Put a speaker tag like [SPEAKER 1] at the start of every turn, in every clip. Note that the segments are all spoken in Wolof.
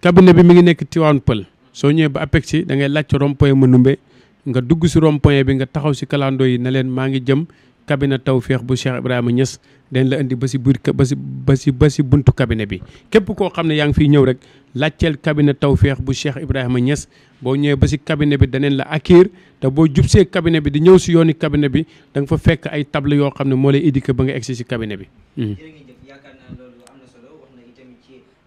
[SPEAKER 1] cabinet bi mi ngi nekk Tivaouane Peulh soo ñëwee ba APEX si da ngay laaj rond point Manoumbe nga dugg si rond point bi nga taxaw si kalandoo yi ne leen maa ngi jëm cabinet Tawfekh bu Cheikh Ibrahima Niass dañ la indi ba si biir ba si ba si ba si buntu kabine bi képp koo xam ne yaa ngi fiy ñëw rek laajteel cabinet Tawfekh bu Cheikh Ibrahima ñes boo ñëwee ba si cabinet bi daneen la accueillir te boo jubsee kabine bi di ñëw si yooni cabinet bi da nga fa fekk ay table yoo xam ne moo lay indiqué ba nga egsi si cabinet bi. Hmm.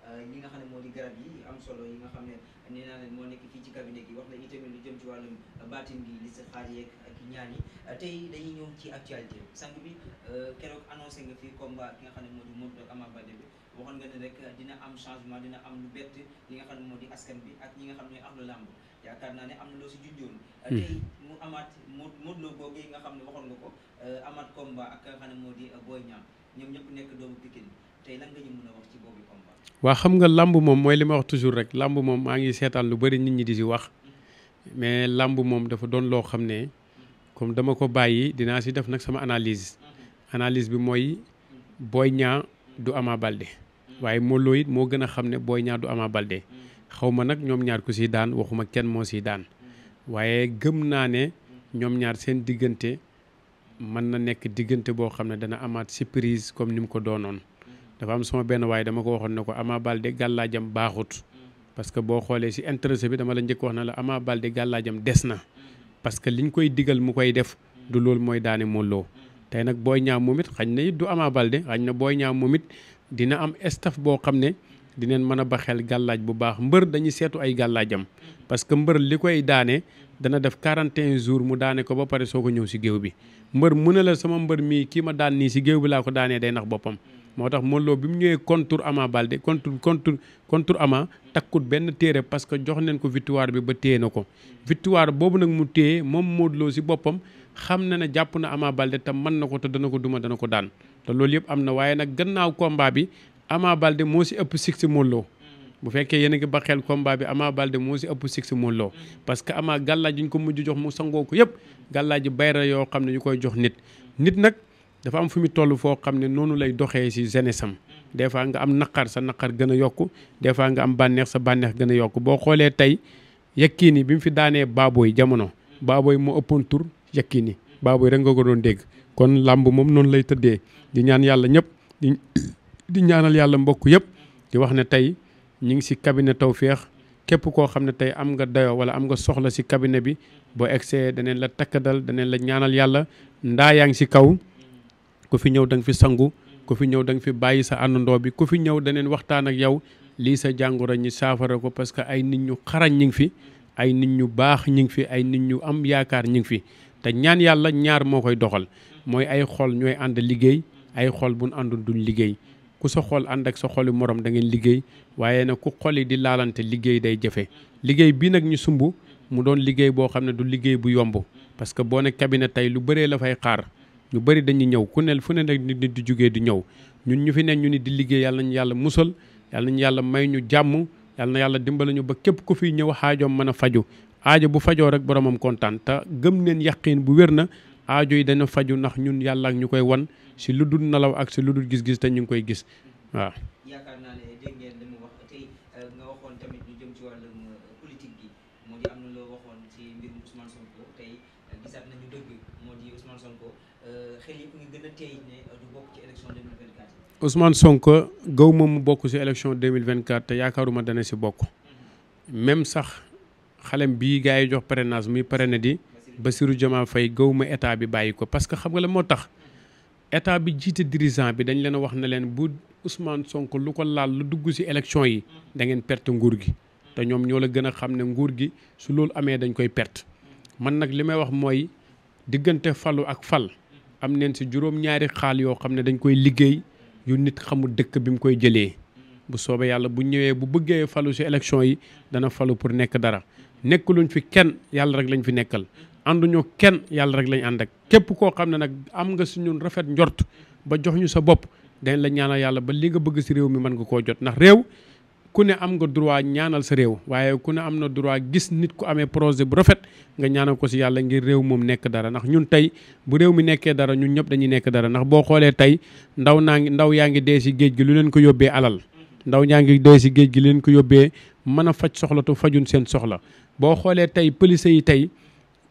[SPEAKER 1] li euh, nga xam
[SPEAKER 2] ne moo di garab yi am solo yi nga xam ne nee naa leen moo nekk kii ci cabinet gi wax na itamit lu jëm ci wàllum baatin gi li si xaar yeeg ak ñaan yi euh, tey dañuy ñëw ci actualité sànq bi euh, keroog annoncé nga fii combat ki nga xam ne moo di Modou Lo ak waxoon nga ne rek dina am changement dina am lu bett li nga xam ne moo di askan bi ak ñi nga xam ne am lu làmb yaakaar naa ne am loo si junjoon hmm. tey mu amaat Modou Lo boogee nga xam ne waxoon nga ko amaat combat ak nga xam ne moo di Boy ñaam ñoom ñëpp nekk doomu Pikine
[SPEAKER 1] waa xam nga làmb moom mooy li ma wax toujours rek làmb moom maa ngi seetaan lu bari nit ñi di si wax mais làmb moom dafa doon loo xam ne comme dama ko bàyyi dinaa si def nag sama analyse analise bi mooy booy ñaar du Ama Baldé waaye Modou Lô moo gën a xam ne booy Niang du Ama Baldé xaw ma nag ñoom ñaar ku si daan waxuma kenn moo si daan waaye gëm naa ne ñoom ñaar seen diggante mën na nekk diggante boo xam ne dana amaat si prise comme ni mu ko doonoon. dafa am sama benn waaye dama ko waxoon na ko Ama Baldé gàllaajam baaxut parce que boo xoolee si intéressé bi dama la njëkk wax na la Ama Baldé gàllaajam des na parce que liñ koy digal mu koy def du loolu mooy daane mooloo tey nag booy Niang moom xañ na it du amaa balde xañ na booy Niang moom dina am staff boo xam ne dineen mën a ba xel gàllaaj bu baax mbër dañuy seetu ay gàllaajam parce que mbër li koy daane dana def 41 jours mu daane ko ba pare soo ñëw si géew bi mbër mu ne la sama mbër mii kii ma daan nii si géew bi laa ko daanee day nax boppam moo tax Modou bi mu ñëwee contre Ama Baldé contre contre contre Ama takkut benn téere parce que jox nañ ko victoire bi ba téye na ko victoire boobu nag mu téye moom Modou Lo si boppam xam na ne jàpp na amaa Baldé te mën na ko te dana ko duma dana ko daan te loolu yëpp am na waaye nag gannaaw comba bi amaa Baldé moo si ëpp six Modou Lo bu fekkee yéen a ba xel comba bi Ama Baldé moo si ëpp six Modou Lo parce que Ama gàllaaj yi ñu ko mujj jox mu sangoo ko yëpp gàllaaj ji yoo xam ne ñu koy jox nit nit nag dafa am fu muy toll foo xam ne noonu lay doxee si jeunesse am des fois nga am naqar sa naqar gën a yokku des fois nga am bànneex sa bànneex gën a yokku boo xoolee tey Yékini bi mu fi daanee baabooy jamono baabooy moo ëppoon tur Yékini Baboy rek nga ko doon dégg kon làmb moom noonu lay tëddee di ñaan yàlla ñëpp di ñaanal yàlla mbokk yëpp di wax ne tey ñu ngi si cabinet Tawfekh képp koo xam ne tey am nga dayo wala am nga soxla si cabinet bi boo egsee daneen la takkadal daneen la ñaanal yàlla ndaa yaa ngi si kaw ku fi ñëw da fi sangu ku fi ñëw danga fi bàyyi sa àndandoo bi ku fi ñëw daneen waxtaan ak yow lii sa jàngoro ñi saafara ko parce que ay nit ñu xarañ ñi ngi fi ay nit ñu baax ñi ngi fi ay nit ñu am yaakaar ñi ngi fi te ñaan yàlla ñaar moo koy doxal mooy ay xol ñooy ànd liggéey ay xol bu àndul duñ liggéey ku sa xol ànd ak sa xoli morom da ngeen liggéey waaye nag ku xol di laalante liggéey day jafe liggéey bii nag ñu sumb mu doon liggéey boo xam ne du liggéey bu yomb parce que boo ne cabinet tey lu bëree la fay xaar ñu bëri dañuy ñëw ku ne fu ne nag nit di jugee di ñëw ñun ñu fi ne ñu ni di liggéey yàlla nañu yàlla musal yàlla nañu yàlla may ñu jàmm yàlla na yàlla dimbali ñu ba képp ku fi ñëw xaajoom mën a faju aajo bu fajoo rek boromam kontaan te gëm neen yàqiin bu wér na aajo yi dana faju ndax ñun yàlla ak ñu koy wan si lu dul nalaw ak si lu dul gis-gis te ñu ngi koy gis waaw. moo di am na loo waxoon euh, bokk ci élection 2024. Ousmane Sonko te yaakaaruma dana si bokk mhm. même sax xalem bi gars yi jox parrainage muy na di Bassirou Diomaye fay gaw ma état bi bàyyi ko parce que xam nga la moo tax mhm. état bi jiite dirigeant bi dañ leen a wax na leen bu Ousmane sonk lu ko laal lu dugg si élection yi mhm. da ngeen perte nguur gi. te ñoom ñoo la gën a xam ne nguur gi su loolu amee dañ koy perte man nag li may wax mooy diggante falu ak fal am neen si juróom-ñaari xaal yoo xam ne dañ koy liggéey yu nit xamul dëkk bi mu koy jëlee bu soobee yàlla bu ñëwee bu bëggee falu si élection yi dana falu pour nekk dara nekk nekkuluñ fi kenn yàlla rek lañ fi nekkal ànduñoo kenn yàlla rek lañ ànd ak képp koo xam ne nag am nga si ñun rafet njort ba jox ñu sa bopp dañ la ñaanal yàlla ba li bëgg si réew mi mën nga koo jot ndax réew ku ne am nga droit ñaanal sa réew waaye ku ne am na droit gis nit ku amee projet bu rafet nga ñaanal ko si yàlla ngir réew moom nekk dara ndax ñun tey bu réew mi nekkee dara ñun ñëpp dañuy nekk dara ndax boo xoolee tey ndaw naa ngi ndaw yaa ngi dee si géej gi lu leen ko yóbbee alal ndaw ñaa ngi dee si géej gi lu leen ko yóbbee mën a faj soxlatu tu fajun seen soxla boo xoolee tey police yi tey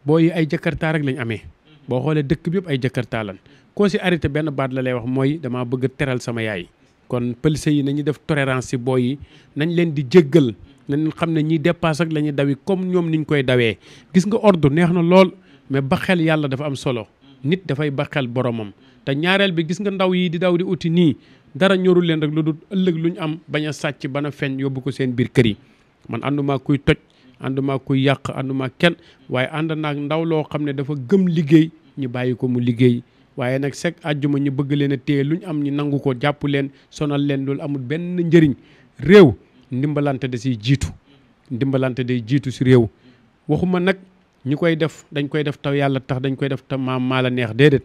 [SPEAKER 1] boo yi ay jakarta rek lañ amee boo xoolee dëkk bi yëpp ay jakarta lan koo si arrêté benn baat la lay wax mooy damaa bëgg teral sama yaay kon police yi nañu def tolérance ci booy yi nañ leen di jéggal nañ xam ne ñii dépasse ak la ñuy dawi comme ñoom niñ koy dawee gis nga ordre neex na lool mais ba xel yàlla dafa am solo nit dafay ba xel boromam te ñaareel bi gis nga ndaw yi di daw di uti nii dara ñoru leen rek lu dul ëllëg lu ñu am bañ a sàcc bana feeñ yóbbu ko seen biir kër yi man àndumaa kuy toj àndumaa kuy yàq àndumaa kenn waaye ànd naag ndaw loo xam ne dafa gëm liggéey ñu bàyyi ko mu liggéey waaye nag chaque àjjuma ñu bëgg leen a téye lu ñu am ñu nangu ko jàpp leen sonal leen loolu amul benn njëriñ réew ndimbalante da siy jiitu ndimbalante day jiitu si réew waxuma nag ñi koy def dañ koy def taw yàlla tax dañ koy def ta maam maa la neex déedéet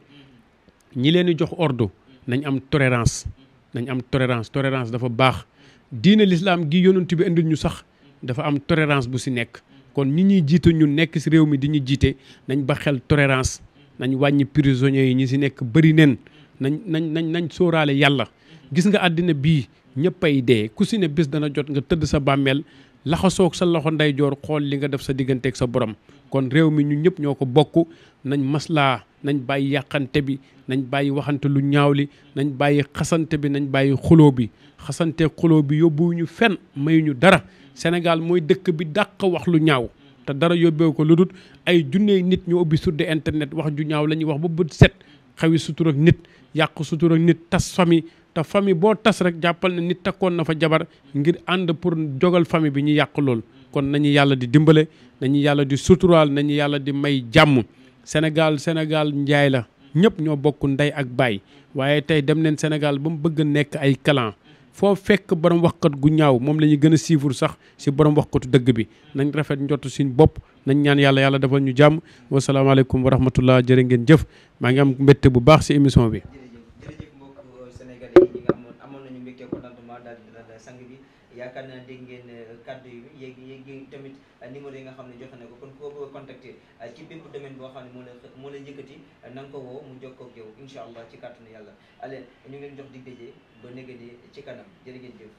[SPEAKER 1] ñi leen jox ordre nañ am tolérance nañ am tolérance tolérance dafa baax diine lislaam gi yonent bi indil ñu sax dafa am tolérance bu si nekk kon ñi ñuy jiitu ñu nekk si réew mi di ñu jiite nañ ba xel tolérance nañ wàññi prisonniers yi ñu si nekk bari neen nañ nañ nañ nañ sóoraale yàlla gis nga àddina bii ñëppay dee ku si ne bis dana jot nga tëdd sa bàmmeel laxasoog sa loxo ndeyjoor xool li nga def sa digganteeg sa borom kon réew mi ñu ñëpp ñoo ko bokk nañ maslaa nañ bàyyi yàqante bi nañ bàyyi waxante lu ñaaw li nañ bàyyi xasante bi nañ bàyyi xuloo bi xasante xuloo bi ñu fen mayuñu dara Sénégal mooy dëkk bi dàq wax lu ñaaw te dara yóbbeewu ko lu dut ay junneey nit ñu ubbi sudde internet wax ju ñaaw la ñuy wax ba bët set xawi sutur ak nit yàq sutur nit tas famille te famille boo tas rek jàppal na nit takkoon na fa jabar ngir ànd pour jogal famille bi ñu yàq lool kon nañu yàlla di dimbale nañu yàlla di suturaal nañu yàlla di may jàmm Sénégal Sénégal njaay la ñëpp ñoo bokk ndey ak baay waaye tey dem neen Sénégal ba mu bëgg nekk ay clan foo fekk borom waxkat gu ñaaw moom la ñuy gën a siifur sax si borom waxkatu dëgg bi nañ rafet njottu suñ bopp nañ ñaan yàlla yàlla defal ñu jàmm wasalaamaaleykum wa rahmatullah jërë ngeen jëf maa ngi am mbégte bu baax si émission
[SPEAKER 2] bi yaakaar naa dégg ngeen euh, kaddu yi yéegi yéeg tamit numéro yi nga xam ne joxe na ko kon ku ko bëgg a contacter euh, ci bépp domaine boo xam ne moo la moo la yëkkati euh, na ko woo mu jokkoo ak yow incha allah ci kàttanu yàlla aleen ñu ngi leen jox dig daje ba négé ci kanam jërë ngeen jëf